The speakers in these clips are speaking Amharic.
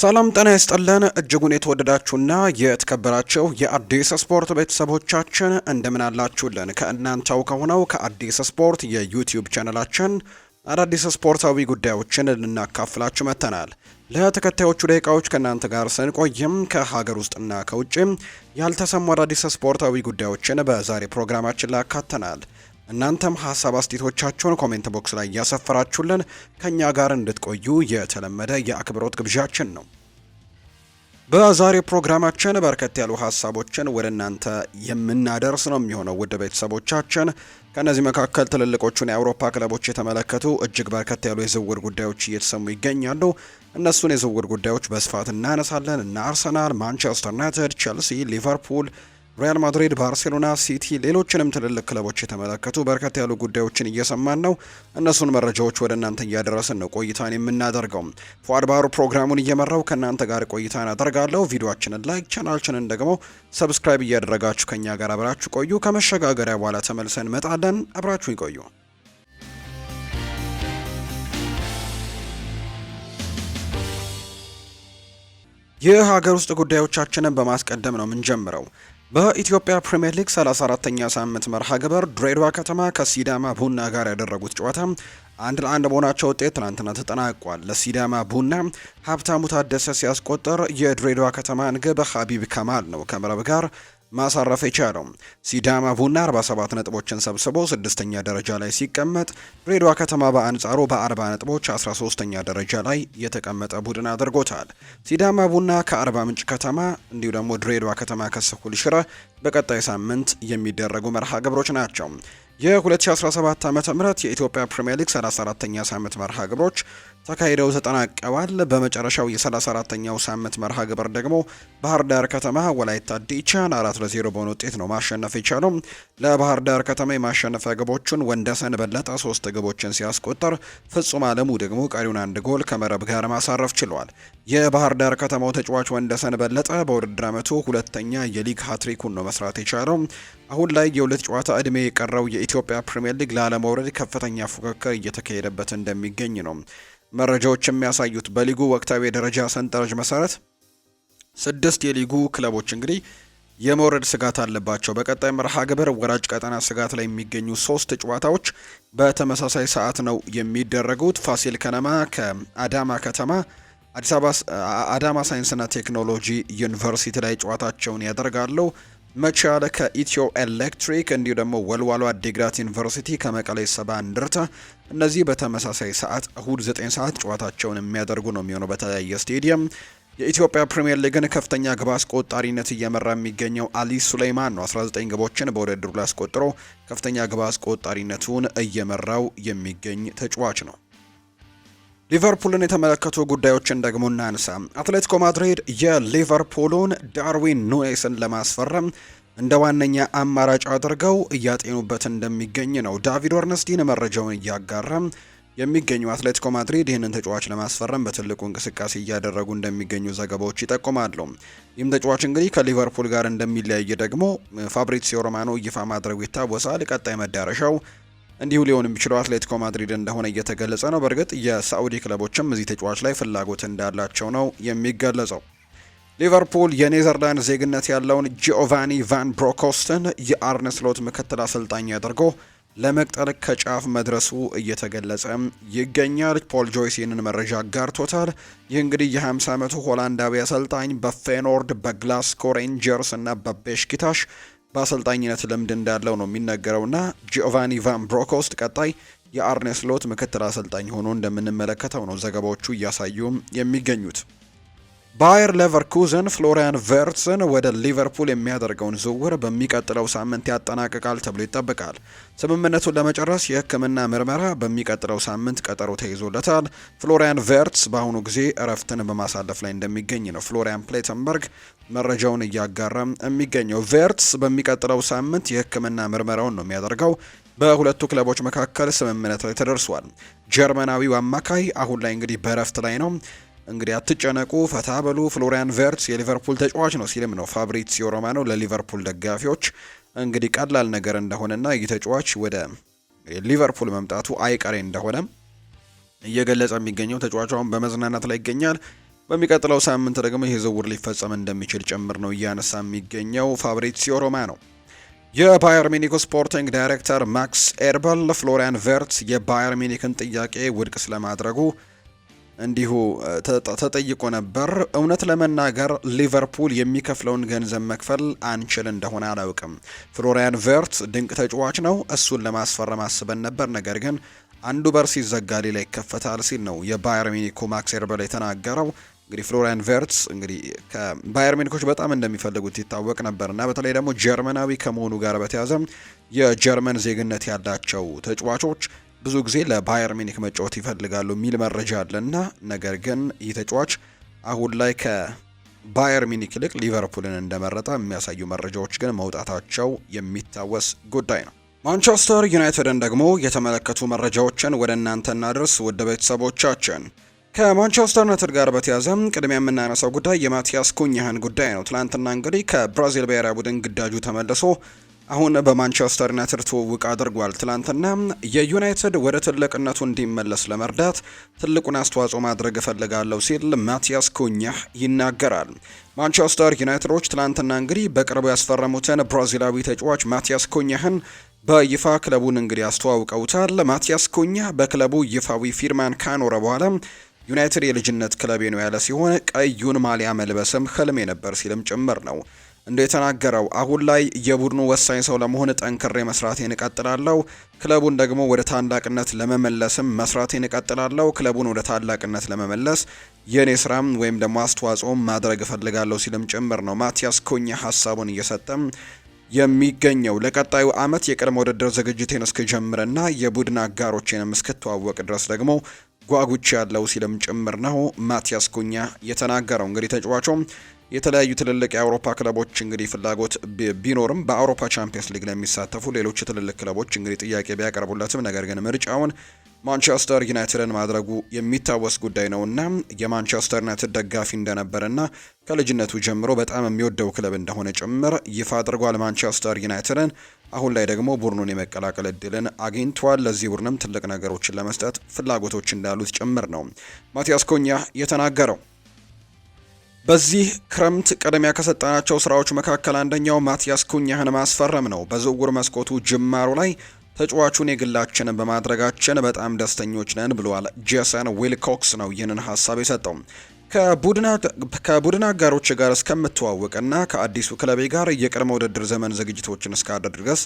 ሰላም ጤና ይስጥልን እጅጉን የተወደዳችሁና የተከበራችሁ የአዲስ ስፖርት ቤተሰቦቻችን እንደምን አላችሁልን? ከእናንተው ከሆነው ከአዲስ ስፖርት የዩቲዩብ ቻነላችን አዳዲስ ስፖርታዊ ጉዳዮችን ልናካፍላችሁ መጥተናል። ለተከታዮቹ ደቂቃዎች ከእናንተ ጋር ስንቆይም ከሀገር ውስጥና ከውጭም ያልተሰሙ አዳዲስ ስፖርታዊ ጉዳዮችን በዛሬ ፕሮግራማችን ላይ አካተናል። እናንተም ሀሳብ አስቴቶቻችሁን ኮሜንት ቦክስ ላይ እያሰፈራችሁልን ከእኛ ጋር እንድትቆዩ የተለመደ የአክብሮት ግብዣችን ነው። በዛሬ ፕሮግራማችን በርከት ያሉ ሀሳቦችን ወደ እናንተ የምናደርስ ነው የሚሆነው ውድ ቤተሰቦቻችን። ከእነዚህ መካከል ትልልቆቹን የአውሮፓ ክለቦች የተመለከቱ እጅግ በርከት ያሉ የዝውውር ጉዳዮች እየተሰሙ ይገኛሉ። እነሱን የዝውውር ጉዳዮች በስፋት እናነሳለን እና አርሰናል፣ ማንቸስተር ዩናይትድ፣ ቸልሲ፣ ሊቨርፑል ሪያል ማድሪድ፣ ባርሴሎና፣ ሲቲ፣ ሌሎችንም ትልልቅ ክለቦች የተመለከቱ በርከት ያሉ ጉዳዮችን እየሰማን ነው። እነሱን መረጃዎች ወደ እናንተ እያደረስን ነው ቆይታን የምናደርገው። ፏድ ባህሩ ፕሮግራሙን እየመራው ከእናንተ ጋር ቆይታን አደርጋለሁ። ቪዲዮችንን ላይክ፣ ቻናልችንን ደግሞ ሰብስክራይብ እያደረጋችሁ ከኛ ጋር አብራችሁ ቆዩ። ከመሸጋገሪያ በኋላ ተመልሰን መጣለን። አብራችሁ ይቆዩ። የሀገር ውስጥ ጉዳዮቻችንን በማስቀደም ነው የምንጀምረው። በኢትዮጵያ ፕሪምየር ሊግ 34ተኛ ሳምንት መርሃ ግብር ድሬዳዋ ከተማ ከሲዳማ ቡና ጋር ያደረጉት ጨዋታ አንድ ለአንድ በሆናቸው ውጤት ትናንትና ተጠናቋል። ለሲዳማ ቡና ሀብታሙ ታደሰ ሲያስቆጥር የድሬዳዋ ከተማን ግብ ሀቢብ ከማል ነው ከመረብ ጋር ማሳረፍ የቻለው። ሲዳማ ቡና 47 ነጥቦችን ሰብስቦ ስድስተኛ ደረጃ ላይ ሲቀመጥ፣ ድሬዳዋ ከተማ በአንጻሩ በ40 ነጥቦች 13ኛ ደረጃ ላይ የተቀመጠ ቡድን አድርጎታል። ሲዳማ ቡና ከአርባ ምንጭ ከተማ እንዲሁ ደግሞ ድሬዳዋ ከተማ ከስኩል ሽረ በቀጣይ ሳምንት የሚደረጉ መርሃ ግብሮች ናቸው። የ2017 ዓ ም የኢትዮጵያ ፕሪምየር ሊግ 34 ተኛ ሳምንት መርሃ ግብሮች ተካሂደው ተጠናቀዋል። በመጨረሻው የ34ተኛው ሳምንት መርሃ ግብር ደግሞ ባህር ዳር ከተማ ወላይታ ዲቻን አራት ለዜሮ በሆነ ውጤት ነው ማሸነፍ የቻለው። ለባህር ዳር ከተማ የማሸነፊያ ግቦቹን ወንደሰን በለጠ ሶስት ግቦችን ሲያስቆጠር፣ ፍጹም አለሙ ደግሞ ቀሪውን አንድ ጎል ከመረብ ጋር ማሳረፍ ችሏል። የባህር ዳር ከተማው ተጫዋች ወንደሰን በለጠ በውድድር ዓመቱ ሁለተኛ የሊግ ሀትሪኩን ነው መስራት የቻለው። አሁን ላይ የሁለት ጨዋታ ዕድሜ የቀረው የኢትዮጵያ ፕሪምየር ሊግ ላለመውረድ ከፍተኛ ፉክክር እየተካሄደበት እንደሚገኝ ነው መረጃዎች የሚያሳዩት በሊጉ ወቅታዊ የደረጃ ሰንጠረዥ መሰረት ስድስት የሊጉ ክለቦች እንግዲህ የመውረድ ስጋት አለባቸው። በቀጣይ መርሃ ግብር ወራጅ ቀጠና ስጋት ላይ የሚገኙ ሶስት ጨዋታዎች በተመሳሳይ ሰዓት ነው የሚደረጉት። ፋሲል ከነማ ከአዳማ ከተማ፣ አዲስ አበባ አዳማ ሳይንስና ቴክኖሎጂ ዩኒቨርሲቲ ላይ ጨዋታቸውን ያደርጋሉ። መቻል ከኢትዮ ኤሌክትሪክ እንዲሁ ደግሞ ወልዋሎ አዲግራት ዩኒቨርሲቲ ከመቀሌ ሰባ እንደርታ እነዚህ በተመሳሳይ ሰዓት እሁድ 9 ሰዓት ጨዋታቸውን የሚያደርጉ ነው የሚሆነው በተለያየ ስቴዲየም። የኢትዮጵያ ፕሪምየር ሊግን ከፍተኛ ግብ አስቆጣሪነት እየመራ የሚገኘው አሊ ሱሌይማን ነው። 19 ግቦችን በውድድሩ ላይ አስቆጥሮ ከፍተኛ ግብ አስቆጣሪነቱን እየመራው የሚገኝ ተጫዋች ነው። ሊቨርፑልን የተመለከቱ ጉዳዮችን ደግሞ እናንሳ። አትሌቲኮ ማድሪድ የሊቨርፑሉን ዳርዊን ኑኤስን ለማስፈረም እንደ ዋነኛ አማራጭ አድርገው እያጤኑበት እንደሚገኝ ነው ዳቪድ ኦርነስቲን መረጃውን እያጋረም የሚገኙ አትሌቲኮ ማድሪድ ይህንን ተጫዋች ለማስፈረም በትልቁ እንቅስቃሴ እያደረጉ እንደሚገኙ ዘገባዎች ይጠቁማሉ። ይህም ተጫዋች እንግዲህ ከሊቨርፑል ጋር እንደሚለያይ ደግሞ ፋብሪዚዮ ሮማኖ ይፋ ማድረጉ ይታወሳል። ቀጣይ መዳረሻው እንዲሁ ሊሆን የሚችለው አትሌቲኮ ማድሪድ እንደሆነ እየተገለጸ ነው። በእርግጥ የሳዑዲ ክለቦችም እዚህ ተጫዋች ላይ ፍላጎት እንዳላቸው ነው የሚገለጸው። ሊቨርፑል የኔዘርላንድ ዜግነት ያለውን ጂኦቫኒ ቫን ብሮኮስትን የአርነስሎት ምክትል አሰልጣኝ አድርጎ ለመቅጠር ከጫፍ መድረሱ እየተገለጸ ይገኛል። ፖል ጆይስ ይህንን መረጃ አጋርቶታል። ይህ እንግዲህ የ50 ዓመቱ ሆላንዳዊ አሰልጣኝ በፌኖርድ በግላስኮ ሬንጀርስ እና በቤሽኪታሽ በአሰልጣኝነት ልምድ እንዳለው ነው ና ጂኦቫኒ ቫን ብሮኮስት ቀጣይ የአርኔ ምክትል አሰልጣኝ ሆኖ እንደምንመለከተው ነው ዘገባዎቹ እያሳዩ የሚገኙት። ባየር ሌቨርኩዘን ፍሎሪያን ቨርትስን ወደ ሊቨርፑል የሚያደርገውን ዝውውር በሚቀጥለው ሳምንት ያጠናቅቃል ተብሎ ይጠበቃል። ስምምነቱን ለመጨረስ የሕክምና ምርመራ በሚቀጥለው ሳምንት ቀጠሮ ተይዞለታል። ፍሎሪያን ቨርትስ በአሁኑ ጊዜ እረፍትን በማሳለፍ ላይ እንደሚገኝ ነው ፍሎሪያን ፕሌተንበርግ መረጃውን እያጋራም የሚገኘው። ቨርትስ በሚቀጥለው ሳምንት የሕክምና ምርመራውን ነው የሚያደርገው። በሁለቱ ክለቦች መካከል ስምምነት ላይ ተደርሷል። ጀርመናዊው አማካይ አሁን ላይ እንግዲህ በእረፍት ላይ ነው። እንግዲህ አትጨነቁ፣ ፈታ በሉ፣ ፍሎሪያን ቨርትስ የሊቨርፑል ተጫዋች ነው ሲልም ነው ፋብሪሲዮ ሮማኖ ለሊቨርፑል ደጋፊዎች እንግዲህ ቀላል ነገር እንደሆነና ይህ ተጫዋች ወደ ሊቨርፑል መምጣቱ አይቀሬ እንደሆነ እየገለጸ የሚገኘው ተጫዋቿን በመዝናናት ላይ ይገኛል። በሚቀጥለው ሳምንት ደግሞ ይህ ዝውውር ሊፈጸም እንደሚችል ጭምር ነው እያነሳ የሚገኘው ፋብሪሲዮ ሮማኖ። የባየር ሚኒክ ስፖርቲንግ ዳይሬክተር ማክስ ኤርበል ፍሎሪያን ቨርትስ የባየር ሚኒክን ጥያቄ ውድቅ ስለማድረጉ እንዲሁ ተጠይቆ ነበር። እውነት ለመናገር ሊቨርፑል የሚከፍለውን ገንዘብ መክፈል አንችል እንደሆነ አላውቅም። ፍሎሪያን ቨርት ድንቅ ተጫዋች ነው። እሱን ለማስፈረም አስበን ነበር፣ ነገር ግን አንዱ በር ሲዘጋ ሌላ ይከፈታል ሲል ነው የባየር ሚኒኩ ማክስ ኤርበል የተናገረው። እንግዲህ ፍሎሪያን ቨርትስ እንግዲህ ከባየር ሚኒኮች በጣም እንደሚፈልጉት ይታወቅ ነበር እና በተለይ ደግሞ ጀርመናዊ ከመሆኑ ጋር በተያያዘ የጀርመን ዜግነት ያላቸው ተጫዋቾች ብዙ ጊዜ ለባየር ሚኒክ መጫወት ይፈልጋሉ የሚል መረጃ አለና ነገር ግን ይህ ተጫዋች አሁን ላይ ከባየር ሚኒክ ይልቅ ሊቨርፑልን እንደመረጠ የሚያሳዩ መረጃዎች ግን መውጣታቸው የሚታወስ ጉዳይ ነው። ማንቸስተር ዩናይትድን ደግሞ የተመለከቱ መረጃዎችን ወደ እናንተ እናድርስ፣ ውድ ቤተሰቦቻችን። ከማንቸስተር ዩናይትድ ጋር በተያዘም ቅድሚያ የምናነሳው ጉዳይ የማቲያስ ኩኝህን ጉዳይ ነው። ትናንትና እንግዲህ ከብራዚል ብሔራዊ ቡድን ግዳጁ ተመልሶ አሁን በማንቸስተር ዩናይትድ ትውውቅ አድርጓል። ትላንትና የዩናይትድ ወደ ትልቅነቱ እንዲመለስ ለመርዳት ትልቁን አስተዋጽኦ ማድረግ እፈልጋለሁ ሲል ማቲያስ ኩኛህ ይናገራል። ማንቸስተር ዩናይትዶች ትላንትና እንግዲህ በቅርቡ ያስፈረሙትን ብራዚላዊ ተጫዋች ማቲያስ ኩኛህን በይፋ ክለቡን እንግዲህ አስተዋውቀውታል። ማቲያስ ኩኛህ በክለቡ ይፋዊ ፊርማን ካኖረ በኋላ ዩናይትድ የልጅነት ክለቤ ነው ያለ ሲሆን ቀዩን ማሊያ መልበስም ህልሜ ነበር ሲልም ጭምር ነው እንደተናገረው አሁን ላይ የቡድኑ ወሳኝ ሰው ለመሆን ጠንክሬ መስራቴን እቀጥላለሁ። ክለቡን ደግሞ ወደ ታላቅነት ለመመለስም መስራቴን እቀጥላለሁ። ክለቡን ወደ ታላቅነት ለመመለስ የእኔ ስራም ወይም ደግሞ አስተዋጽኦም ማድረግ እፈልጋለሁ ሲልም ጭምር ነው ማቲያስ ኩኛ ሀሳቡን እየሰጠም የሚገኘው ለቀጣዩ አመት የቅድመ ውድድር ዝግጅቴን እስክጀምርና የቡድን አጋሮቼንም እስክተዋወቅ ድረስ ደግሞ ጓጉች ያለው ሲልም ጭምር ነው ማቲያስ ኩኛ የተናገረው። እንግዲህ ተጫዋቾም የተለያዩ ትልልቅ የአውሮፓ ክለቦች እንግዲህ ፍላጎት ቢኖርም በአውሮፓ ቻምፒየንስ ሊግ ለሚሳተፉ ሌሎች ትልልቅ ክለቦች እንግዲህ ጥያቄ ቢያቀርቡለትም ነገር ግን ምርጫውን ማንቸስተር ዩናይትድን ማድረጉ የሚታወስ ጉዳይ እና የማንቸስተር ዩናይትድ ደጋፊ እንደነበረና ከልጅነቱ ጀምሮ በጣም የሚወደው ክለብ እንደሆነ ጭምር ይፋ አድርጓል። ማንቸስተር ዩናይትድን አሁን ላይ ደግሞ ቡድኑን የመቀላቀል እድልን አግኝቷል። ለዚህ ቡድንም ትልቅ ነገሮችን ለመስጠት ፍላጎቶች እንዳሉት ጭምር ነው ማቲያስ ኮኛ የተናገረው። በዚህ ክረምት ቅድሚያ ከሰጠናቸው ስራዎች መካከል አንደኛው ማቲያስ ኩኛህን ማስፈረም ነው። በዝውውር መስኮቱ ጅማሩ ላይ ተጫዋቹን የግላችንን በማድረጋችን በጣም ደስተኞች ነን ብለዋል። ጄሰን ዊልኮክስ ነው ይህንን ሀሳብ የሰጠው። ከቡድን አጋሮች ጋር እስከምትዋወቅና ከአዲሱ ክለቤ ጋር የቅድመ ውድድር ዘመን ዝግጅቶችን እስካደርግ ድረስ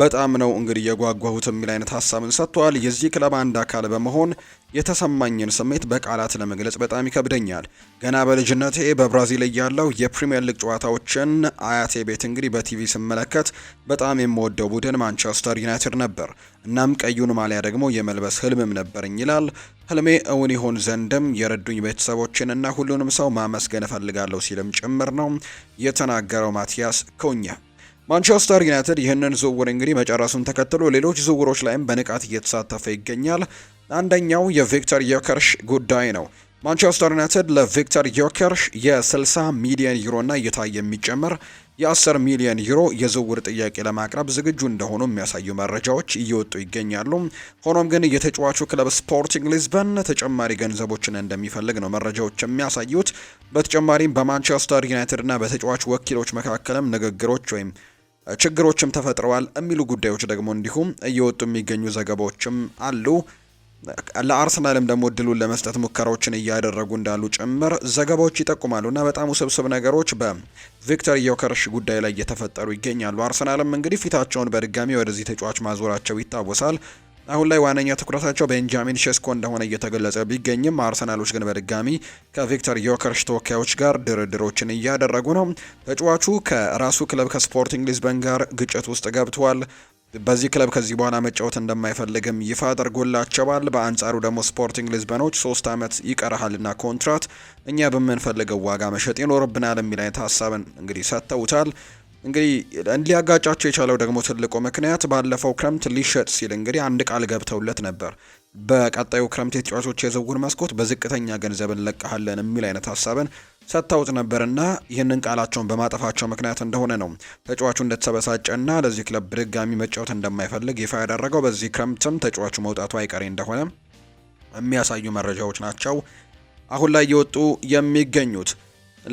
በጣም ነው እንግዲህ የጓጓሁት የሚል አይነት ሀሳብን ሰጥቷል። የዚህ ክለብ አንድ አካል በመሆን የተሰማኝን ስሜት በቃላት ለመግለጽ በጣም ይከብደኛል። ገና በልጅነቴ በብራዚል እያለሁ የፕሪምየር ሊግ ጨዋታዎችን አያቴ ቤት እንግዲህ በቲቪ ስመለከት በጣም የምወደው ቡድን ማንቸስተር ዩናይትድ ነበር። እናም ቀዩን ማሊያ ደግሞ የመልበስ ህልምም ነበርኝ ይላል። ህልሜ እውን ይሆን ዘንድም የረዱኝ ቤተሰቦችንና ሁሉንም ሰው ማመስገን እፈልጋለሁ ሲልም ጭምር ነው የተናገረው ማቲያስ ኩኛ። ማንቸስተር ዩናይትድ ይህንን ዝውውር እንግዲህ መጨረሱን ተከትሎ ሌሎች ዝውውሮች ላይም በንቃት እየተሳተፈ ይገኛል። አንደኛው የቪክተር ዮከርሽ ጉዳይ ነው። ማንቸስተር ዩናይትድ ለቪክተር ዮከርሽ የ60 ሚሊዮን ዩሮና እየታየ የሚጨምር የ10 ሚሊዮን ዩሮ የዝውውር ጥያቄ ለማቅረብ ዝግጁ እንደሆኑ የሚያሳዩ መረጃዎች እየወጡ ይገኛሉ። ሆኖም ግን የተጫዋቹ ክለብ ስፖርቲንግ ሊዝበን ተጨማሪ ገንዘቦችን እንደሚፈልግ ነው መረጃዎች የሚያሳዩት። በተጨማሪም በማንቸስተር ዩናይትድና በተጫዋች ወኪሎች መካከልም ንግግሮች ወይም ችግሮችም ተፈጥረዋል የሚሉ ጉዳዮች ደግሞ እንዲሁም እየወጡ የሚገኙ ዘገባዎችም አሉ። ለአርሰናልም ደግሞ እድሉን ለመስጠት ሙከራዎችን እያደረጉ እንዳሉ ጭምር ዘገባዎች ይጠቁማሉ እና በጣም ውስብስብ ነገሮች በቪክተር ዮከርሽ ጉዳይ ላይ እየተፈጠሩ ይገኛሉ። አርሰናልም እንግዲህ ፊታቸውን በድጋሚ ወደዚህ ተጫዋች ማዞራቸው ይታወሳል። አሁን ላይ ዋነኛ ትኩረታቸው ቤንጃሚን ሼስኮ እንደሆነ እየተገለጸ ቢገኝም አርሰናሎች ግን በድጋሚ ከቪክተር ዮከርሽ ተወካዮች ጋር ድርድሮችን እያደረጉ ነው። ተጫዋቹ ከራሱ ክለብ ከስፖርቲንግ ሊዝበን ጋር ግጭት ውስጥ ገብቷል። በዚህ ክለብ ከዚህ በኋላ መጫወት እንደማይፈልግም ይፋ አድርጎላቸዋል። በአንጻሩ ደግሞ ስፖርቲንግ ሊዝበኖች ሶስት ዓመት ይቀርሃልና ኮንትራት እኛ በምንፈልገው ዋጋ መሸጥ ይኖርብናል የሚል አይነት ሀሳብን እንግዲህ ሰጥተውታል። እንግዲህ ሊያጋጫቸው የቻለው ደግሞ ትልቁ ምክንያት ባለፈው ክረምት ሊሸጥ ሲል እንግዲህ አንድ ቃል ገብተውለት ነበር። በቀጣዩ ክረምት የተጫዋቾች የዝውውር መስኮት በዝቅተኛ ገንዘብ እንለቀሃለን የሚል አይነት ሀሳብን ሰጥተውት ነበርና ይህንን ቃላቸውን በማጠፋቸው ምክንያት እንደሆነ ነው ተጫዋቹ እንደተሰበሳጨና ለዚህ ክለብ በድጋሚ መጫወት እንደማይፈልግ ይፋ ያደረገው። በዚህ ክረምትም ተጫዋቹ መውጣቱ አይቀሬ እንደሆነ የሚያሳዩ መረጃዎች ናቸው አሁን ላይ እየወጡ የሚገኙት።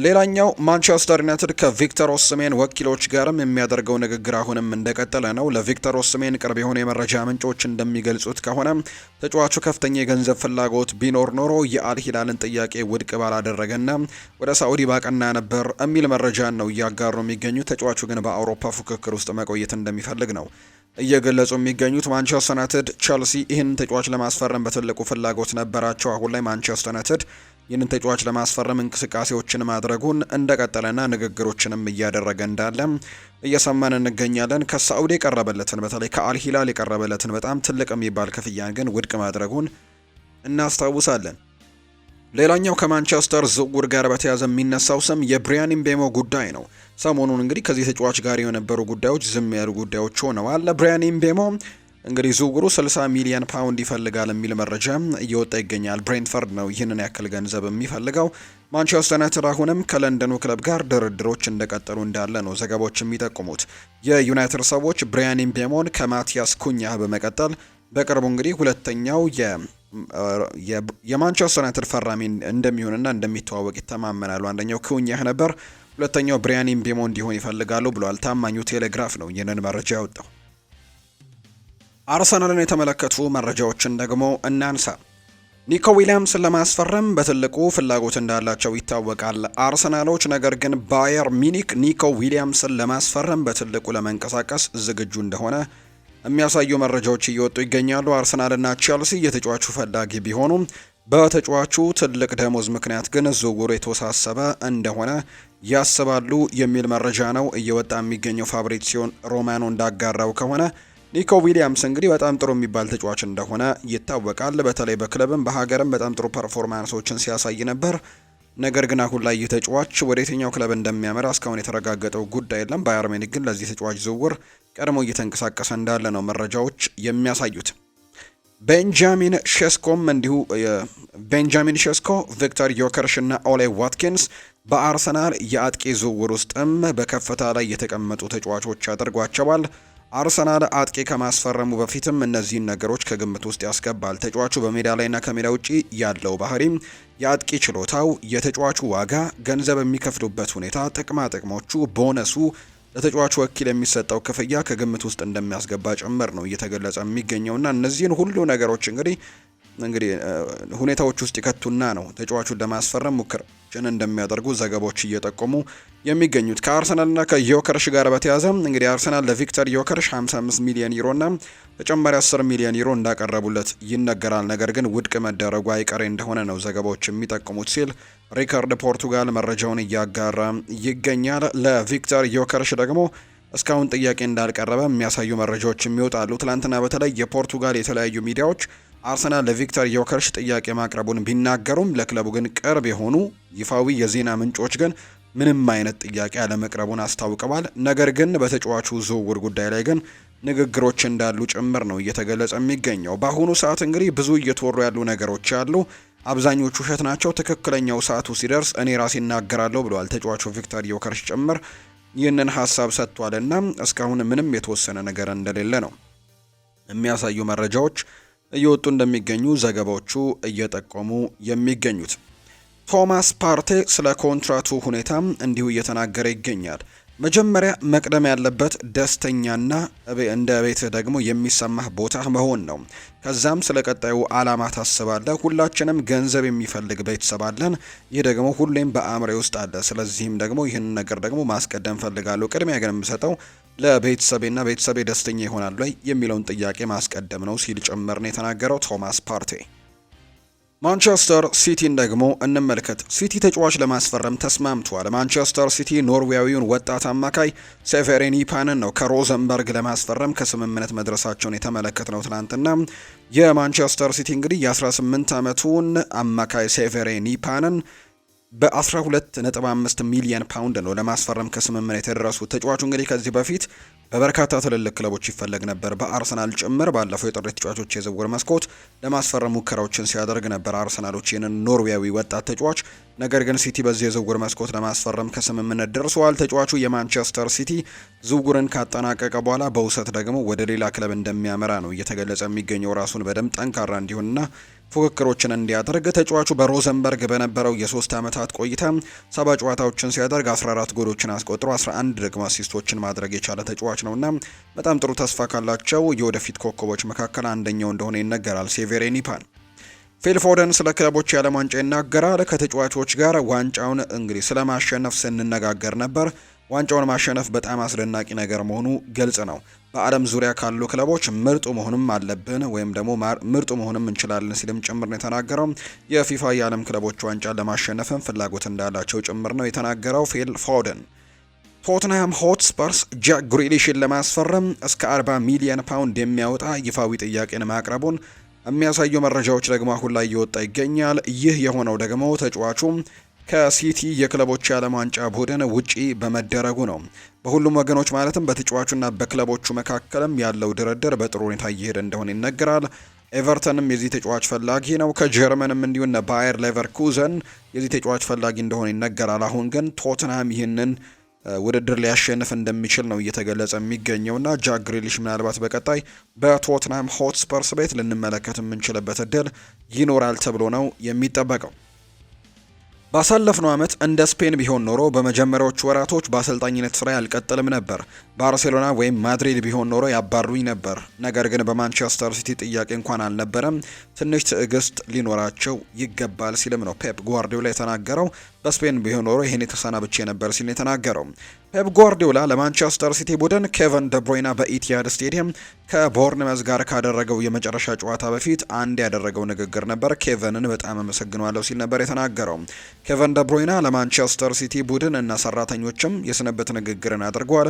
ሌላኛው ማንቸስተር ዩናይትድ ከቪክተር ኦስሜን ወኪሎች ጋርም የሚያደርገው ንግግር አሁንም እንደቀጠለ ነው። ለቪክተር ኦስሜን ቅርብ የሆኑ የመረጃ ምንጮች እንደሚገልጹት ከሆነ ተጫዋቹ ከፍተኛ የገንዘብ ፍላጎት ቢኖር ኖሮ የአልሂላልን ጥያቄ ውድቅ ባላደረገና ወደ ሳዑዲ ባቀና ነበር የሚል መረጃን ነው እያጋሩ የሚገኙ። ተጫዋቹ ግን በአውሮፓ ፉክክር ውስጥ መቆየት እንደሚፈልግ ነው እየገለጹ የሚገኙት ማንቸስተር ዩናይትድ፣ ቸልሲ ይህን ተጫዋች ለማስፈረም በትልቁ ፍላጎት ነበራቸው። አሁን ላይ ማንቸስተር ዩናይትድ ይህንን ተጫዋች ለማስፈረም እንቅስቃሴዎችን ማድረጉን እንደቀጠለና ንግግሮችንም እያደረገ እንዳለ እየሰማን እንገኛለን። ከሳዑዲ የቀረበለትን በተለይ ከአልሂላል የቀረበለትን በጣም ትልቅ የሚባል ክፍያን ግን ውድቅ ማድረጉን እናስታውሳለን። ሌላኛው ከማንቸስተር ዝውውር ጋር በተያያዘ የሚነሳው ስም የብሪያን ቤሞ ጉዳይ ነው። ሰሞኑን እንግዲህ ከዚህ ተጫዋች ጋር የነበሩ ጉዳዮች ዝም ያሉ ጉዳዮች ሆነዋል። ብሪያን ምቤሞ እንግዲህ ዝውውሩ 60 ሚሊዮን ፓውንድ ይፈልጋል የሚል መረጃ እየወጣ ይገኛል። ብሬንትፈርድ ነው ይህንን ያክል ገንዘብ የሚፈልገው። ማንቸስተር ዩናይትድ አሁንም ከለንደኑ ክለብ ጋር ድርድሮች እንደቀጠሉ እንዳለ ነው ዘገባዎች የሚጠቁሙት። የዩናይትድ ሰዎች ብሪያን ምቤሞን ከማቲያስ ኩኛ በመቀጠል በቅርቡ እንግዲህ ሁለተኛው የማንቸስተር ዩናይትድ ፈራሚ እንደሚሆንና እንደሚተዋወቅ ይተማመናሉ። አንደኛው ኩኛህ ነበር፣ ሁለተኛው ብሪያን ምቤሞ እንዲሆን ይፈልጋሉ ብለዋል። ታማኙ ቴሌግራፍ ነው ይህንን መረጃ ያወጣው። አርሰናልን የተመለከቱ መረጃዎችን ደግሞ እናንሳ። ኒኮ ዊሊያምስን ለማስፈረም በትልቁ ፍላጎት እንዳላቸው ይታወቃል አርሰናሎች። ነገር ግን ባየር ሚኒክ ኒኮ ዊሊያምስን ለማስፈረም በትልቁ ለመንቀሳቀስ ዝግጁ እንደሆነ የሚያሳዩ መረጃዎች እየወጡ ይገኛሉ። አርሰናልና ቼልሲ የተጫዋቹ ፈላጊ ቢሆኑም በተጫዋቹ ትልቅ ደሞዝ ምክንያት ግን ዝውውሩ የተወሳሰበ እንደሆነ ያስባሉ የሚል መረጃ ነው እየወጣ የሚገኘው። ፋብሪሲዮ ሮማኖ እንዳጋራው ከሆነ ኒኮ ዊሊያምስ እንግዲህ በጣም ጥሩ የሚባል ተጫዋች እንደሆነ ይታወቃል። በተለይ በክለብም በሀገርም በጣም ጥሩ ፐርፎርማንሶችን ሲያሳይ ነበር። ነገር ግን አሁን ላይ ይህ ተጫዋች ወደ የትኛው ክለብ እንደሚያመራ እስካሁን የተረጋገጠው ጉዳይ የለም። ባየር ሙኒክ ግን ለዚህ ተጫዋች ዝውውር ቀድሞ እየተንቀሳቀሰ እንዳለ ነው መረጃዎች የሚያሳዩት። ቤንጃሚን ሼስኮም እንዲሁ ቤንጃሚን ሼስኮ፣ ቪክተር ዮከርሽ እና ኦሌ ዋትኪንስ በአርሰናል የአጥቂ ዝውውር ውስጥም በከፍታ ላይ የተቀመጡ ተጫዋቾች ያደርጓቸዋል። አርሰናል አጥቂ ከማስፈረሙ በፊትም እነዚህን ነገሮች ከግምት ውስጥ ያስገባል። ተጫዋቹ በሜዳ ላይና ከሜዳ ውጪ ያለው ባህሪም፣ የአጥቂ ችሎታው፣ የተጫዋቹ ዋጋ፣ ገንዘብ የሚከፍሉበት ሁኔታ፣ ጥቅማ ጥቅሞቹ፣ ቦነሱ፣ ለተጫዋቹ ወኪል የሚሰጠው ክፍያ ከግምት ውስጥ እንደሚያስገባ ጭምር ነው እየተገለጸ የሚገኘውና እነዚህን ሁሉ ነገሮች እንግዲህ እንግዲህ ሁኔታዎች ውስጥ ይከቱና ነው ተጫዋቹን ለማስፈረም ሙክር ችን እንደሚያደርጉ ዘገቦች እየጠቆሙ የሚገኙት ከአርሰናልና ከዮከርሽ ጋር በተያዘ እንግዲህ አርሰናል ለቪክተር ዮከርሽ 55 ሚሊዮን ዩሮና ተጨማሪ 10 ሚሊዮን ዩሮ እንዳቀረቡለት ይነገራል። ነገር ግን ውድቅ መደረጉ አይቀሬ እንደሆነ ነው ዘገባዎች የሚጠቁሙት ሲል ሪካርድ ፖርቱጋል መረጃውን እያጋራ ይገኛል። ለቪክተር ዮከርሽ ደግሞ እስካሁን ጥያቄ እንዳልቀረበ የሚያሳዩ መረጃዎች የሚወጣሉ። ትላንትና በተለይ የፖርቱጋል የተለያዩ ሚዲያዎች አርሰናል ለቪክተር ዮከርሽ ጥያቄ ማቅረቡን ቢናገሩም ለክለቡ ግን ቅርብ የሆኑ ይፋዊ የዜና ምንጮች ግን ምንም አይነት ጥያቄ አለመቅረቡን አስታውቀዋል። ነገር ግን በተጫዋቹ ዝውውር ጉዳይ ላይ ግን ንግግሮች እንዳሉ ጭምር ነው እየተገለጸ የሚገኘው። በአሁኑ ሰዓት እንግዲህ ብዙ እየተወሩ ያሉ ነገሮች አሉ። አብዛኞቹ ውሸት ናቸው። ትክክለኛው ሰዓቱ ሲደርስ እኔ ራሴ እናገራለሁ ብለዋል ተጫዋቹ ቪክተር ዮከርሽ ጭምር ይህንን ሀሳብ ሰጥቷል እና እስካሁን ምንም የተወሰነ ነገር እንደሌለ ነው የሚያሳዩ መረጃዎች እየወጡ እንደሚገኙ ዘገባዎቹ እየጠቆሙ የሚገኙት። ቶማስ ፓርቴ ስለ ኮንትራቱ ሁኔታ እንዲሁ እየተናገረ ይገኛል። መጀመሪያ መቅደም ያለበት ደስተኛና እንደ ቤት ደግሞ የሚሰማህ ቦታ መሆን ነው። ከዛም ስለ ቀጣዩ ዓላማ ታስባለህ። ሁላችንም ገንዘብ የሚፈልግ ቤተሰብ አለን። ይህ ደግሞ ሁሌም በአእምሬ ውስጥ አለ። ስለዚህም ደግሞ ይህን ነገር ደግሞ ማስቀደም ፈልጋለሁ። ቅድሚያ ግን የምሰጠው ለቤተሰቤና ቤተሰቤ ደስተኛ ይሆናሉ ወይ የሚለውን ጥያቄ ማስቀደም ነው ሲል ጭምር ነው የተናገረው ቶማስ ፓርቴ። ማንቸስተር ሲቲን ደግሞ እንመልከት። ሲቲ ተጫዋች ለማስፈረም ተስማምቷል። ማንቸስተር ሲቲ ኖርዌያዊውን ወጣት አማካይ ሴፌሬኒ ፓንን ነው ከሮዘንበርግ ለማስፈረም ከስምምነት መድረሳቸውን የተመለከት ነው ትናንትና። የማንቸስተር ሲቲ እንግዲህ የ18 ዓመቱን አማካይ ሴፌሬኒ ፓንን በ12.5 ሚሊየን ፓውንድ ነው ለማስፈረም ከስምምነት የተደረሱ። ተጫዋቹ እንግዲህ ከዚህ በፊት በበርካታ ትልልቅ ክለቦች ይፈለግ ነበር፣ በአርሰናል ጭምር። ባለፈው የጥር ተጫዋቾች የዝውውር መስኮት ለማስፈረም ሙከራዎችን ሲያደርግ ነበር አርሰናሎች ይህንን ኖርዌያዊ ወጣት ተጫዋች። ነገር ግን ሲቲ በዚህ የዝውውር መስኮት ለማስፈረም ከስምምነት ደርሰዋል። ተጫዋቹ የማንቸስተር ሲቲ ዝውውርን ካጠናቀቀ በኋላ በውሰት ደግሞ ወደ ሌላ ክለብ እንደሚያመራ ነው እየተገለጸ የሚገኘው ራሱን በደንብ ጠንካራ እንዲሆንና ፉክክሮችን እንዲያደርግ ተጫዋቹ በሮዘንበርግ በነበረው የሶስት ዓመታት ቆይታ ሰባ ጨዋታዎችን ሲያደርግ 14 ጎሎችን አስቆጥሮ 11 ደግሞ አሲስቶችን ማድረግ የቻለ ተጫዋች ነውና በጣም ጥሩ ተስፋ ካላቸው የወደፊት ኮከቦች መካከል አንደኛው እንደሆነ ይነገራል። ሴቬሬኒ ፓን ፊል ፎደን ስለ ክለቦች የዓለም ዋንጫ ይናገራል። ከተጫዋቾች ጋር ዋንጫውን እንግዲህ ስለማሸነፍ ስንነጋገር ነበር ዋንጫውን ማሸነፍ በጣም አስደናቂ ነገር መሆኑ ግልጽ ነው። በዓለም ዙሪያ ካሉ ክለቦች ምርጡ መሆንም አለብን ወይም ደግሞ ምርጡ መሆንም እንችላለን ሲልም ጭምር ነው የተናገረው። የፊፋ የዓለም ክለቦች ዋንጫ ለማሸነፍም ፍላጎት እንዳላቸው ጭምር ነው የተናገረው ፊል ፎደን። ቶትንሃም ሆትስፐርስ ጃክ ግሪሊሽን ለማስፈረም እስከ 40 ሚሊዮን ፓውንድ የሚያወጣ ይፋዊ ጥያቄን ማቅረቡን የሚያሳዩ መረጃዎች ደግሞ አሁን ላይ እየወጣ ይገኛል። ይህ የሆነው ደግሞ ተጫዋቹ ከሲቲ የክለቦች የዓለም ዋንጫ ቡድን ውጪ በመደረጉ ነው። በሁሉም ወገኖች ማለትም በተጫዋቹና በክለቦቹ መካከልም ያለው ድርድር በጥሩ ሁኔታ እየሄደ እንደሆነ ይነገራል። ኤቨርተንም የዚህ ተጫዋች ፈላጊ ነው። ከጀርመንም እንዲሁም ባየር ሌቨርኩዘን የዚህ ተጫዋች ፈላጊ እንደሆነ ይነገራል። አሁን ግን ቶትንሃም ይህንን ውድድር ሊያሸንፍ እንደሚችል ነው እየተገለጸ ና ጃክ ግሪሊሽ ምናልባት በቀጣይ በቶትንሃም ሆትስፐርስ ቤት ልንመለከት የምንችልበት እድል ይኖራል ተብሎ ነው የሚጠበቀው። ባሳለፍነው ዓመት እንደ ስፔን ቢሆን ኖሮ በመጀመሪያዎቹ ወራቶች በአሰልጣኝነት ስራ ያልቀጥልም ነበር። ባርሴሎና ወይም ማድሪድ ቢሆን ኖሮ ያባሩኝ ነበር። ነገር ግን በማንቸስተር ሲቲ ጥያቄ እንኳን አልነበረም። ትንሽ ትዕግስት ሊኖራቸው ይገባል ሲልም ነው ፔፕ ጓርዲዮላ የተናገረው። በስፔን ቢሆን ኖሮ ይህን የተሰናብቼ ነበር ሲል የተናገረው ፔፕ ጓርዲዮላ ለማንቸስተር ሲቲ ቡድን ኬቨን ደብሮይና በኢቲያድ ስቴዲየም ከቦርንመዝ ጋር ካደረገው የመጨረሻ ጨዋታ በፊት አንድ ያደረገው ንግግር ነበር። ኬቨንን በጣም አመሰግነዋለሁ ሲል ነበር የተናገረው። ኬቨን ደብሮይና ለማንቸስተር ሲቲ ቡድን እና ሰራተኞችም የስንብት ንግግርን አድርጓል።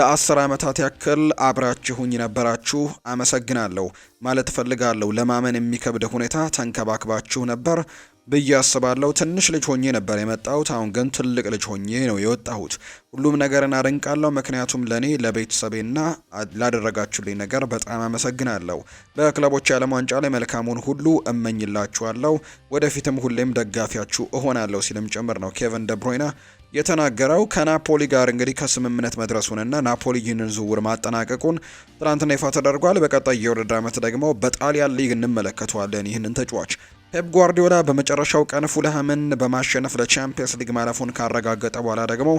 ለአስር ዓመታት ያክል አብራችሁኝ ነበራችሁ፣ አመሰግናለሁ ማለት ፈልጋለሁ። ለማመን የሚከብድ ሁኔታ ተንከባክባችሁ ነበር ብዬ አስባለሁ። ትንሽ ልጅ ሆኜ ነበር የመጣሁት፣ አሁን ግን ትልቅ ልጅ ሆኜ ነው የወጣሁት። ሁሉም ነገርን አደንቃለሁ፣ ምክንያቱም ለእኔ ለቤተሰቤና ላደረጋችሁልኝ ነገር በጣም አመሰግናለሁ። በክለቦች የዓለም ዋንጫ ላይ መልካሙን ሁሉ እመኝላችኋለሁ፣ ወደፊትም ሁሌም ደጋፊያችሁ እሆናለሁ ሲልም ጭምር ነው ኬቨን ደብሮይና የተናገረው ከናፖሊ ጋር እንግዲህ ከስምምነት መድረሱንና ናፖሊ ይህንን ዝውውር ማጠናቀቁን ትናንትና ይፋ ተደርጓል። በቀጣይ የውድድር ዓመት ደግሞ በጣሊያን ሊግ እንመለከተዋለን ይህንን ተጫዋች ፔፕ ጓርዲዮላ በመጨረሻው ቀን ፉልሃምን በማሸነፍ ለቻምፒየንስ ሊግ ማለፉን ካረጋገጠ በኋላ ደግሞ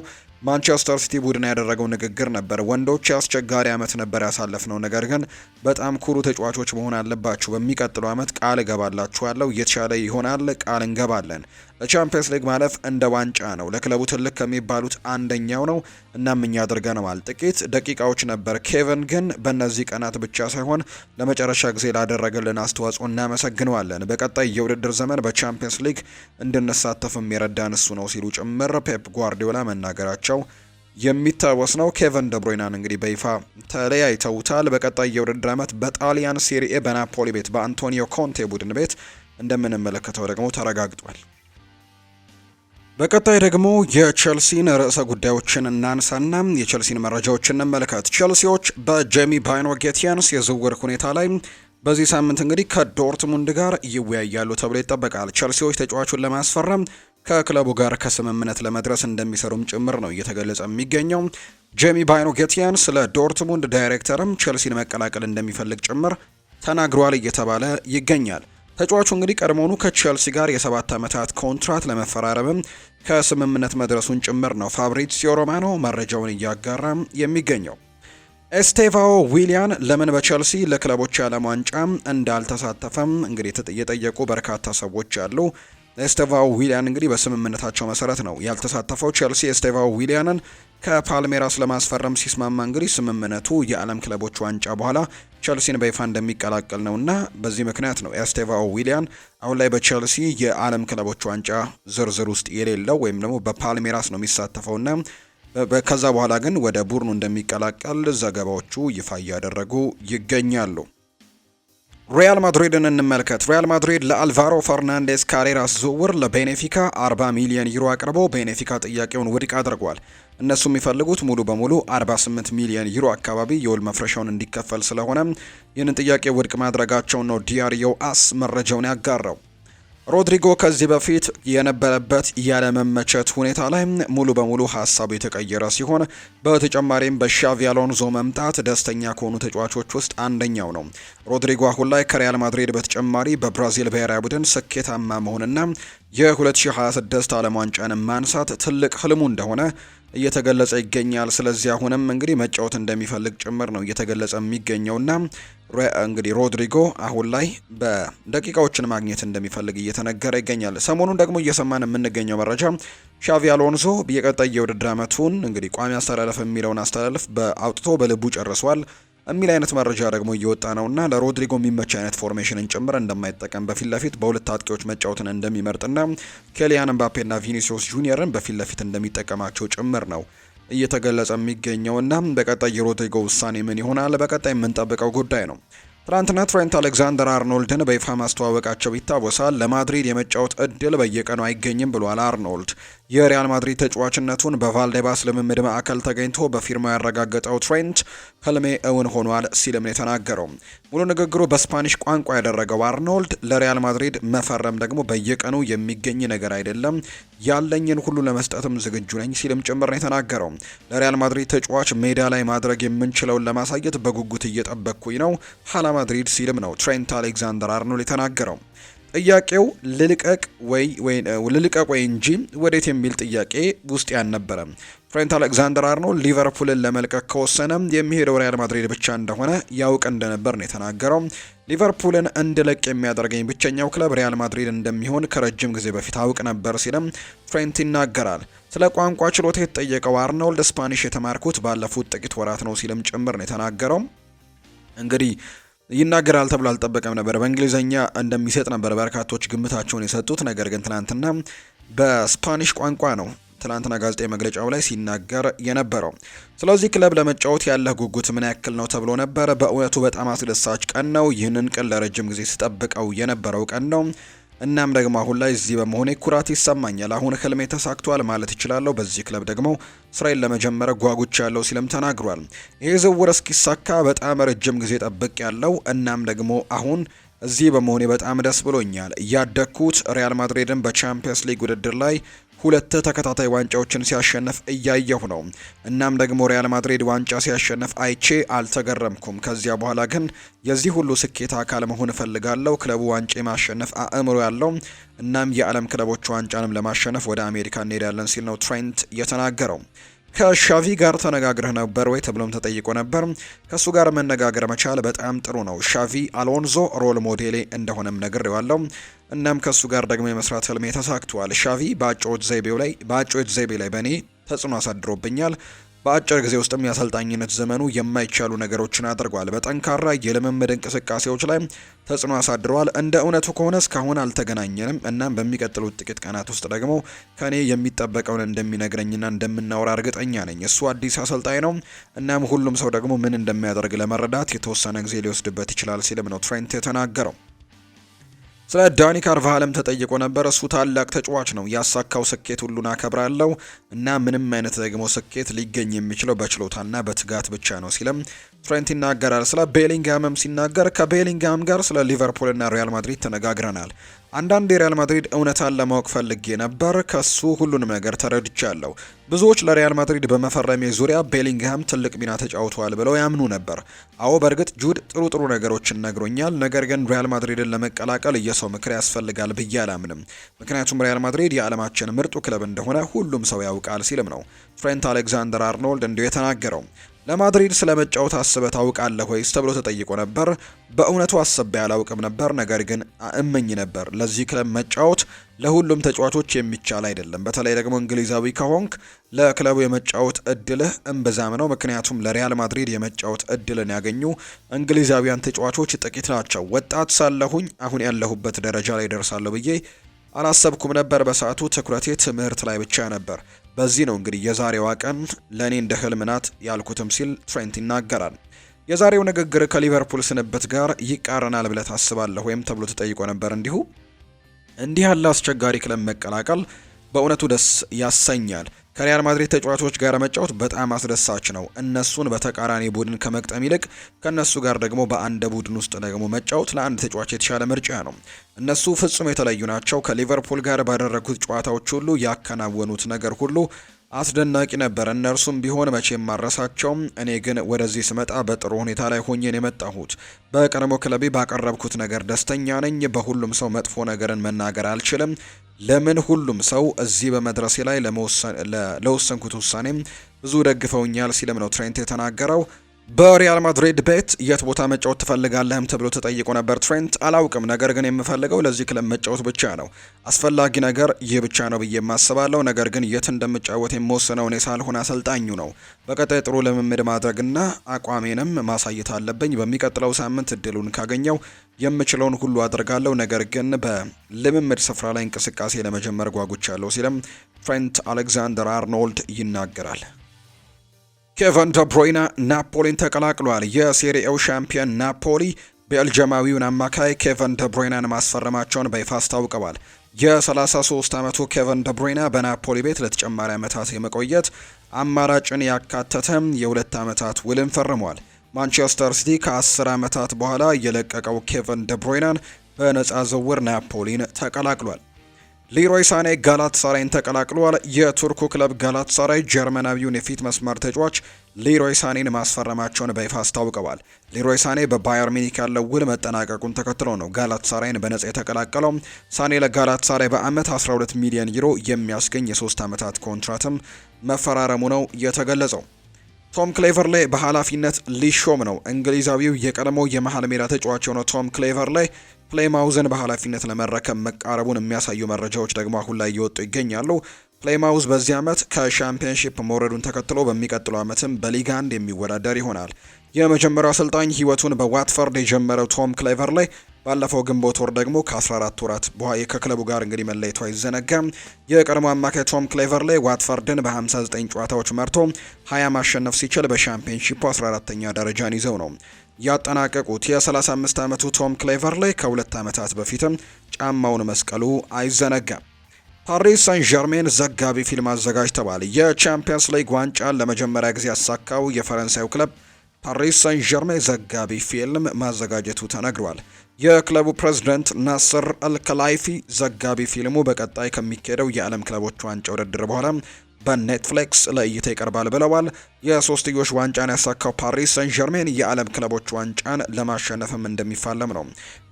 ማንቸስተር ሲቲ ቡድን ያደረገው ንግግር ነበር። ወንዶች አስቸጋሪ አመት ነበር ያሳለፍነው፣ ነገር ግን በጣም ኩሩ ተጫዋቾች መሆን አለባችሁ። በሚቀጥለው አመት ቃል እገባላችኋለሁ፣ እየተሻለ ይሆናል፣ ቃል እንገባለን። ለቻምፒየንስ ሊግ ማለፍ እንደ ዋንጫ ነው። ለክለቡ ትልቅ ከሚባሉት አንደኛው ነው። እናም እኛ አድርገነዋል። ጥቂት ደቂቃዎች ነበር። ኬቨን ግን በእነዚህ ቀናት ብቻ ሳይሆን ለመጨረሻ ጊዜ ላደረገልን አስተዋጽኦ እናመሰግነዋለን። በቀጣይ የውድድር ዘመን በቻምፒየንስ ሊግ እንድንሳተፍም የረዳን እሱ ነው ሲሉ ጭምር ፔፕ ጓርዲዮላ መናገራቸው መሆናቸው የሚታወስ ነው። ኬቨን ደብሮይናን እንግዲህ በይፋ ተለያይተውታል። በቀጣይ የውድድር ዓመት በጣሊያን ሴሪኤ በናፖሊ ቤት በአንቶኒዮ ኮንቴ ቡድን ቤት እንደምንመለከተው ደግሞ ተረጋግጧል። በቀጣይ ደግሞ የቸልሲን ርዕሰ ጉዳዮችን እናንሳና የቸልሲን መረጃዎችን እንመልከት። ቸልሲዎች በጄሚ ባይኖ ጌቲያንስ የዝውውር ሁኔታ ላይ በዚህ ሳምንት እንግዲህ ከዶርትሙንድ ጋር ይወያያሉ ተብሎ ይጠበቃል። ቸልሲዎች ተጫዋቹን ለማስፈረም ከክለቡ ጋር ከስምምነት ለመድረስ እንደሚሰሩም ጭምር ነው እየተገለጸ የሚገኘው። ጄሚ ባይኖ ጌቲያን ስለ ዶርትሙንድ ዳይሬክተርም ቸልሲን መቀላቀል እንደሚፈልግ ጭምር ተናግሯል እየተባለ ይገኛል። ተጫዋቹ እንግዲህ ቀድሞኑ ከቸልሲ ጋር የሰባት ዓመታት ኮንትራት ለመፈራረምም ከስምምነት መድረሱን ጭምር ነው ፋብሪዚዮ ሮማኖ መረጃውን እያጋራም የሚገኘው። ኤስቴቫኦ ዊሊያን ለምን በቸልሲ ለክለቦች የዓለም ዋንጫ እንዳልተሳተፈም እንግዲህ የጠየቁ በርካታ ሰዎች አሉ። ኤስቴቫኦ ዊሊያን እንግዲህ በስምምነታቸው መሰረት ነው ያልተሳተፈው። ቸልሲ ኤስቴቫኦ ዊሊያንን ከፓልሜራስ ለማስፈረም ሲስማማ እንግዲህ ስምምነቱ የዓለም ክለቦች ዋንጫ በኋላ ቸልሲን በይፋ እንደሚቀላቀል እና በዚህ ምክንያት ነው ኤስቴቫ ዊሊያን አሁን ላይ በቸልሲ የዓለም ክለቦች ዋንጫ ዝርዝር ውስጥ የሌለው ወይም ደግሞ በፓልሜራስ ነው የሚሳተፈውና ከዛ በኋላ ግን ወደ ቡድኑ እንደሚቀላቀል ዘገባዎቹ ይፋ እያደረጉ ይገኛሉ። ሪያል ማድሪድን እንመልከት። ሪያል ማድሪድ ለአልቫሮ ፈርናንዴስ ካሬራስ ዝውውር ለቤኔፊካ 40 ሚሊዮን ዩሮ አቅርቦ ቤኔፊካ ጥያቄውን ውድቅ አድርጓል። እነሱ የሚፈልጉት ሙሉ በሙሉ 48 ሚሊዮን ዩሮ አካባቢ የውል መፍረሻውን እንዲከፈል ስለሆነ ይህንን ጥያቄ ውድቅ ማድረጋቸውን ነው ዲያርዮ አስ መረጃውን ያጋራው። ሮድሪጎ ከዚህ በፊት የነበረበት ያለመመቸት ሁኔታ ላይ ሙሉ በሙሉ ሀሳቡ የተቀየረ ሲሆን በተጨማሪም በሻቪ አሎንዞ መምጣት ደስተኛ ከሆኑ ተጫዋቾች ውስጥ አንደኛው ነው። ሮድሪጎ አሁን ላይ ከሪያል ማድሪድ በተጨማሪ በብራዚል ብሔራዊ ቡድን ስኬታማ መሆንና የ2026 ዓለም ዋንጫን ማንሳት ትልቅ ህልሙ እንደሆነ እየተገለጸ ይገኛል። ስለዚህ አሁንም እንግዲህ መጫወት እንደሚፈልግ ጭምር ነው እየተገለጸ የሚገኘውና እንግዲህ ሮድሪጎ አሁን ላይ በደቂቃዎችን ማግኘት እንደሚፈልግ እየተነገረ ይገኛል። ሰሞኑን ደግሞ እየሰማን የምንገኘው መረጃ ሻቪ አሎንሶ የቀጣይ የውድድር ዓመቱን እንግዲህ ቋሚ አስተላለፍ የሚለውን አስተላለፍ በአውጥቶ በልቡ ጨርሷል። የሚል አይነት መረጃ ደግሞ እየወጣ እና ለሮድሪጎ የሚመች አይነት ፎርሜሽንን ጭምር እንደማይጠቀም በፊት ለፊት በሁለት አጥቂዎች መጫወትን እንደሚመርጥና ኬሊያን ምባፔና ቪኒሲዮስ ጁኒየርን በፊት ለፊት እንደሚጠቀማቸው ጭምር ነው እየተገለጸ የሚገኘው እና በቀጣይ የሮድሪጎ ውሳኔ ምን ይሆናል በቀጣይ የምንጠብቀው ጉዳይ ነው። ትናንትና ትሬንት አሌክዛንደር አርኖልድን በይፋ ማስተዋወቃቸው ይታወሳል። ለማድሪድ የመጫወት እድል በየቀኑ አይገኝም ብሏል አርኖልድ። የሪያል ማድሪድ ተጫዋችነቱን በቫልዴባስ ልምምድ ማዕከል ተገኝቶ በፊርማ ያረጋገጠው ትሬንት ህልሜ እውን ሆኗል ሲልም ነው የተናገረው። ሙሉ ንግግሩ በስፓኒሽ ቋንቋ ያደረገው አርኖልድ ለሪያል ማድሪድ መፈረም ደግሞ በየቀኑ የሚገኝ ነገር አይደለም፣ ያለኝን ሁሉ ለመስጠትም ዝግጁ ነኝ ሲልም ጭምር ነው የተናገረው። ለሪያል ማድሪድ ተጫዋች ሜዳ ላይ ማድረግ የምንችለውን ለማሳየት በጉጉት እየጠበቅኩኝ ነው ሀላ ማድሪድ ሲልም ነው ትሬንት አሌክዛንደር አርኖልድ የተናገረው። ጥያቄው ልልቀቅ ወይ ወይ ልልቀቅ ወይ እንጂ ወዴት የሚል ጥያቄ ውስጥ ያልነበረም። ትሬንት አሌክዛንደር አርኖ ሊቨርፑልን ለመልቀቅ ከወሰነ የሚሄደው ሪያል ማድሪድ ብቻ እንደሆነ ያውቅ እንደነበር ነው የተናገረው። ሊቨርፑልን እንድለቅ የሚያደርገኝ ብቸኛው ክለብ ሪያል ማድሪድ እንደሚሆን ከረጅም ጊዜ በፊት አውቅ ነበር ሲልም ትሬንት ይናገራል። ስለ ቋንቋ ችሎታ የተጠየቀው አርኖልድ ስፓኒሽ የተማርኩት ባለፉት ጥቂት ወራት ነው ሲልም ጭምር ነው የተናገረው። እንግዲህ ይናገራል ተብሎ አልጠበቀም ነበር። በእንግሊዝኛ እንደሚሰጥ ነበር በርካቶች ግምታቸውን የሰጡት። ነገር ግን ትናንትና በስፓኒሽ ቋንቋ ነው ትናንትና ጋዜጣዊ መግለጫው ላይ ሲናገር የነበረው። ስለዚህ ክለብ ለመጫወት ያለህ ጉጉት ምን ያክል ነው ተብሎ ነበረ። በእውነቱ በጣም አስደሳች ቀን ነው። ይህንን ቀን ለረጅም ጊዜ ስጠብቀው የነበረው ቀን ነው። እናም ደግሞ አሁን ላይ እዚህ በመሆኔ ኩራት ይሰማኛል። አሁን ህልሜ ተሳክቷል ማለት እችላለሁ። በዚህ ክለብ ደግሞ ስራዬን ለመጀመር ጓጉች ያለው ሲልም ተናግሯል። ይህ ዝውውር እስኪሳካ በጣም ረጅም ጊዜ ጠብቅ ያለው እናም ደግሞ አሁን እዚህ በመሆኔ በጣም ደስ ብሎኛል። ያደግኩት ሪያል ማድሪድን በቻምፒየንስ ሊግ ውድድር ላይ ሁለት ተከታታይ ዋንጫዎችን ሲያሸንፍ እያየሁ ነው። እናም ደግሞ ሪያል ማድሪድ ዋንጫ ሲያሸንፍ አይቼ አልተገረምኩም። ከዚያ በኋላ ግን የዚህ ሁሉ ስኬት አካል መሆን እፈልጋለሁ። ክለቡ ዋንጫ የማሸነፍ አእምሮ ያለው እናም የዓለም ክለቦች ዋንጫንም ለማሸነፍ ወደ አሜሪካ እንሄዳለን ሲል ነው ትሬንት የተናገረው። ከሻቪ ጋር ተነጋግረህ ነበር ወይ ተብሎም ተጠይቆ ነበር። ከእሱ ጋር መነጋገር መቻል በጣም ጥሩ ነው። ሻቪ አሎንዞ ሮል ሞዴሌ እንደሆነም ነግሬዋለሁ። እናም ከእሱ ጋር ደግሞ የመስራት ህልሜ ተሳክቷል። ሻቪ በአጨዋወት ዘይቤው ላይ ዘይቤ ላይ በእኔ ተጽዕኖ አሳድሮብኛል። በአጭር ጊዜ ውስጥም የአሰልጣኝነት ዘመኑ የማይቻሉ ነገሮችን አድርጓል። በጠንካራ የልምምድ እንቅስቃሴዎች ላይ ተጽዕኖ አሳድሯል። እንደ እውነቱ ከሆነ እስካሁን አልተገናኘንም። እናም በሚቀጥሉት ጥቂት ቀናት ውስጥ ደግሞ ከኔ የሚጠበቀውን እንደሚነግረኝና እንደምናወራ እርግጠኛ ነኝ። እሱ አዲስ አሰልጣኝ ነው። እናም ሁሉም ሰው ደግሞ ምን እንደሚያደርግ ለመረዳት የተወሰነ ጊዜ ሊወስድበት ይችላል ሲልም ነው ትሬንት የተናገረው። ስለ ዳኒ ካርቫሃልም ተጠይቆ ነበር። እሱ ታላቅ ተጫዋች ነው፣ ያሳካው ስኬት ሁሉን አከብራለሁ እና ምንም አይነት ደግሞ ስኬት ሊገኝ የሚችለው በችሎታና በትጋት ብቻ ነው ሲልም ትሬንት ይናገራል። ስለ ቤሊንግሃምም ሲናገር ከቤሊንግሃም ጋር ስለ ሊቨርፑልና ሪያል ማድሪድ ተነጋግረናል። አንዳንድ የሪያል ማድሪድ እውነታን ለማወቅ ፈልጌ ነበር። ከሱ ሁሉንም ነገር ተረድቻለሁ። ብዙዎች ለሪያል ማድሪድ በመፈረሜ ዙሪያ ቤሊንግሃም ትልቅ ሚና ተጫውተዋል ብለው ያምኑ ነበር። አዎ በእርግጥ ጁድ ጥሩ ጥሩ ነገሮችን ነግሮኛል። ነገር ግን ሪያል ማድሪድን ለመቀላቀል የሰው ምክር ያስፈልጋል ብዬ አላምንም። ምክንያቱም ሪያል ማድሪድ የዓለማችን ምርጡ ክለብ እንደሆነ ሁሉም ሰው ያውቃል ሲልም ነው ትሬንት አሌክዛንደር አርኖልድ እንዲሁ የተናገረው። ለማድሪድ ስለመጫወት አስበ አስበህ ታውቃለህ ወይስ ተብሎ ተጠይቆ ነበር። በእውነቱ አስቤ አላውቅም ነበር፣ ነገር ግን እመኝ ነበር። ለዚህ ክለብ መጫወት ለሁሉም ተጫዋቾች የሚቻል አይደለም። በተለይ ደግሞ እንግሊዛዊ ከሆንክ ለክለቡ የመጫወት እድልህ እምብዛም ነው። ምክንያቱም ለሪያል ማድሪድ የመጫወት እድልን ያገኙ እንግሊዛዊያን ተጫዋቾች ጥቂት ናቸው። ወጣት ሳለሁኝ አሁን ያለሁበት ደረጃ ላይ ደርሳለሁ ብዬ አላሰብኩም ነበር። በሰዓቱ ትኩረቴ ትምህርት ላይ ብቻ ነበር። በዚህ ነው እንግዲህ የዛሬዋ ቀን ለእኔ እንደ ህልም ናት ያልኩትም ሲል ትሬንት ይናገራል። የዛሬው ንግግር ከሊቨርፑል ስንብት ጋር ይቃረናል ብለ ታስባለህ ወይም ተብሎ ተጠይቆ ነበር። እንዲሁ እንዲህ ያለ አስቸጋሪ ክለብ መቀላቀል በእውነቱ ደስ ያሰኛል ከሪያል ማድሪድ ተጫዋቾች ጋር መጫወት በጣም አስደሳች ነው። እነሱን በተቃራኒ ቡድን ከመቅጠም ይልቅ ከእነሱ ጋር ደግሞ በአንድ ቡድን ውስጥ ደግሞ መጫወት ለአንድ ተጫዋች የተሻለ ምርጫ ነው። እነሱ ፍጹም የተለዩ ናቸው። ከሊቨርፑል ጋር ባደረጉት ጨዋታዎች ሁሉ ያከናወኑት ነገር ሁሉ አስደናቂ ነበር። እነርሱም ቢሆን መቼም ማረሳቸውም። እኔ ግን ወደዚህ ስመጣ በጥሩ ሁኔታ ላይ ሆኜን የመጣሁት። በቀድሞ ክለቤ ባቀረብኩት ነገር ደስተኛ ነኝ። በሁሉም ሰው መጥፎ ነገርን መናገር አልችልም። ለምን ሁሉም ሰው እዚህ በመድረሴ ላይ ለወሰንኩት ውሳኔም ብዙ ደግፈውኛል ሲልም ነው ትሬንት የተናገረው። በሪያል ማድሪድ ቤት የት ቦታ መጫወት ትፈልጋለህም ተብሎ ተጠይቆ ነበር። ትሬንት አላውቅም፣ ነገር ግን የምፈልገው ለዚህ ክለብ መጫወት ብቻ ነው። አስፈላጊ ነገር ይህ ብቻ ነው ብዬ የማስባለው። ነገር ግን የት እንደምጫወት የምወስነው እኔ ሳልሆን አሰልጣኙ ነው። በቀጣይ ጥሩ ልምምድ ማድረግና አቋሜንም ማሳየት አለብኝ። በሚቀጥለው ሳምንት እድሉን ካገኘው የምችለውን ሁሉ አድርጋለሁ፣ ነገር ግን በልምምድ ስፍራ ላይ እንቅስቃሴ ለመጀመር ጓጉቻለሁ ሲልም ትሬንት አሌክዛንደር አርኖልድ ይናገራል። ኬቨን ደብሮይና ናፖሊን ተቀላቅሏል። የሴሪኤው ሻምፒዮን ናፖሊ ቤልጅማዊውን አማካይ ኬቨን ደብሮይናን ማስፈረማቸውን በይፋ አስታውቀዋል። የ33 ዓመቱ ኬቨን ደብሮይና በናፖሊ ቤት ለተጨማሪ ዓመታት የመቆየት አማራጭን ያካተተ የሁለት ዓመታት ውልን ፈርሟል። ማንቸስተር ሲቲ ከአስር ዓመታት በኋላ የለቀቀው ኬቨን ደብሮይናን በነፃ ዝውውር ናፖሊን ተቀላቅሏል። ሊሮይ ሳኔ ጋላት ሳራይን ተቀላቅሏል። የቱርኩ ክለብ ጋላት ሳራይ ጀርመናዊውን የፊት መስመር ተጫዋች ሊሮይ ሳኔን ማስፈረማቸውን በይፋ አስታውቀዋል። ሊሮይ ሳኔ በባየር ሚኒክ ያለው ውል መጠናቀቁን ተከትሎ ነው ጋላት ሳራይን በነጻ የተቀላቀለው። ሳኔ ለጋላት ሳራይ በአመት 12 ሚሊዮን ዩሮ የሚያስገኝ የሶስት ዓመታት ኮንትራትም መፈራረሙ ነው የተገለጸው። ቶም ክሌቨር ላይ በኃላፊነት ሊሾም ነው። እንግሊዛዊው የቀድሞ የመሀል ሜዳ ተጫዋች የሆነው ቶም ክሌቨር ላይ ፕሌማውዝን በኃላፊነት ለመረከብ መቃረቡን የሚያሳዩ መረጃዎች ደግሞ አሁን ላይ እየወጡ ይገኛሉ። ፕሌማውዝ በዚህ ዓመት ከሻምፒየንሺፕ መውረዱን ተከትሎ በሚቀጥለው ዓመትም በሊግ አንድ የሚወዳደር ይሆናል። የመጀመሪያው አሰልጣኝ ህይወቱን በዋትፈርድ የጀመረው ቶም ክሌቨር ላይ ባለፈው ግንቦት ወር ደግሞ ከ14 ወራት በኋላ ከክለቡ ጋር እንግዲህ መለየቱ አይዘነጋም። የቀድሞ አማካይ ቶም ክሌቨርሌ ዋትፈርድን በ59 ጨዋታዎች መርቶ 20 ማሸነፍ ሲችል በሻምፒዮንሺፑ 14ተኛ ደረጃን ይዘው ነው ያጠናቀቁት። የ35 ዓመቱ ቶም ክሌቨርሌ ከሁለት ዓመታት በፊትም ጫማውን መስቀሉ አይዘነጋም። ፓሪስ ሳን ዠርሜን ዘጋቢ ፊልም አዘጋጅ ተባለ። የቻምፒየንስ ሊግ ዋንጫን ለመጀመሪያ ጊዜ ያሳካው የፈረንሳዩ ክለብ ፓሪስ ሳን ዠርሜን ዘጋቢ ፊልም ማዘጋጀቱ ተነግሯል። የክለቡ ፕሬዝደንት ናስር አልከላይፊ ዘጋቢ ፊልሙ በቀጣይ ከሚካሄደው የዓለም ክለቦች ዋንጫ ውድድር በኋላ በኔትፍሊክስ ለእይታ ይቀርባል ብለዋል። የሶስትዮሽ ዋንጫን ያሳካው ፓሪስ ሰን ዠርሜን የዓለም ክለቦች ዋንጫን ለማሸነፍም እንደሚፋለም ነው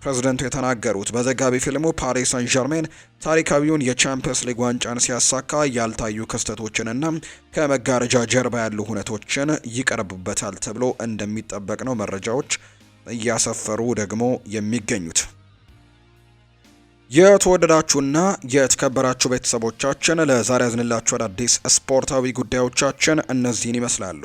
ፕሬዝደንቱ የተናገሩት። በዘጋቢ ፊልሙ ፓሪስ ሰን ዠርሜን ታሪካዊውን የቻምፒየንስ ሊግ ዋንጫን ሲያሳካ ያልታዩ ክስተቶችንና ከመጋረጃ ጀርባ ያሉ ሁነቶችን ይቀርቡበታል ተብሎ እንደሚጠበቅ ነው መረጃዎች እያሰፈሩ ደግሞ የሚገኙት። የተወደዳችሁና የተከበራችሁ ቤተሰቦቻችን ለዛሬ ያዝንላችሁ አዳዲስ ስፖርታዊ ጉዳዮቻችን እነዚህን ይመስላሉ።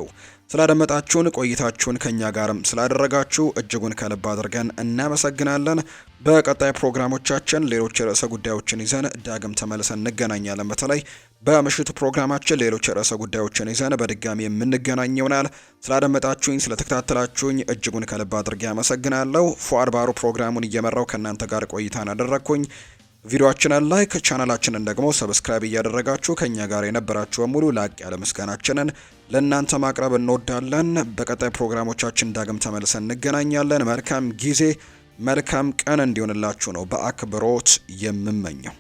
ስላደመጣችሁን ቆይታችሁን ከኛ ጋርም ስላደረጋችሁ እጅጉን ከልብ አድርገን እናመሰግናለን። በቀጣይ ፕሮግራሞቻችን ሌሎች ርዕሰ ጉዳዮችን ይዘን ዳግም ተመልሰን እንገናኛለን። በተለይ በምሽቱ ፕሮግራማችን ሌሎች ርዕሰ ጉዳዮችን ይዘን በድጋሚ የምንገናኝ ይሆናል። ስላደመጣችሁኝ፣ ስለተከታተላችሁኝ እጅጉን ከልብ አድርጌ አመሰግናለሁ። ፉአድ ባሩ ፕሮግራሙን እየመራው ከእናንተ ጋር ቆይታን አደረግኩኝ። ቪዲዮአችንን ላይክ ቻናላችንን ደግሞ ሰብስክራይብ እያደረጋችሁ ከኛ ጋር የነበራችሁ ሙሉ ላቅ ያለ ምስጋናችንን ለእናንተ ማቅረብ እንወዳለን። በቀጣይ ፕሮግራሞቻችን ዳግም ተመልሰን እንገናኛለን። መልካም ጊዜ መልካም ቀን እንዲሆንላችሁ ነው በአክብሮት የምመኘው።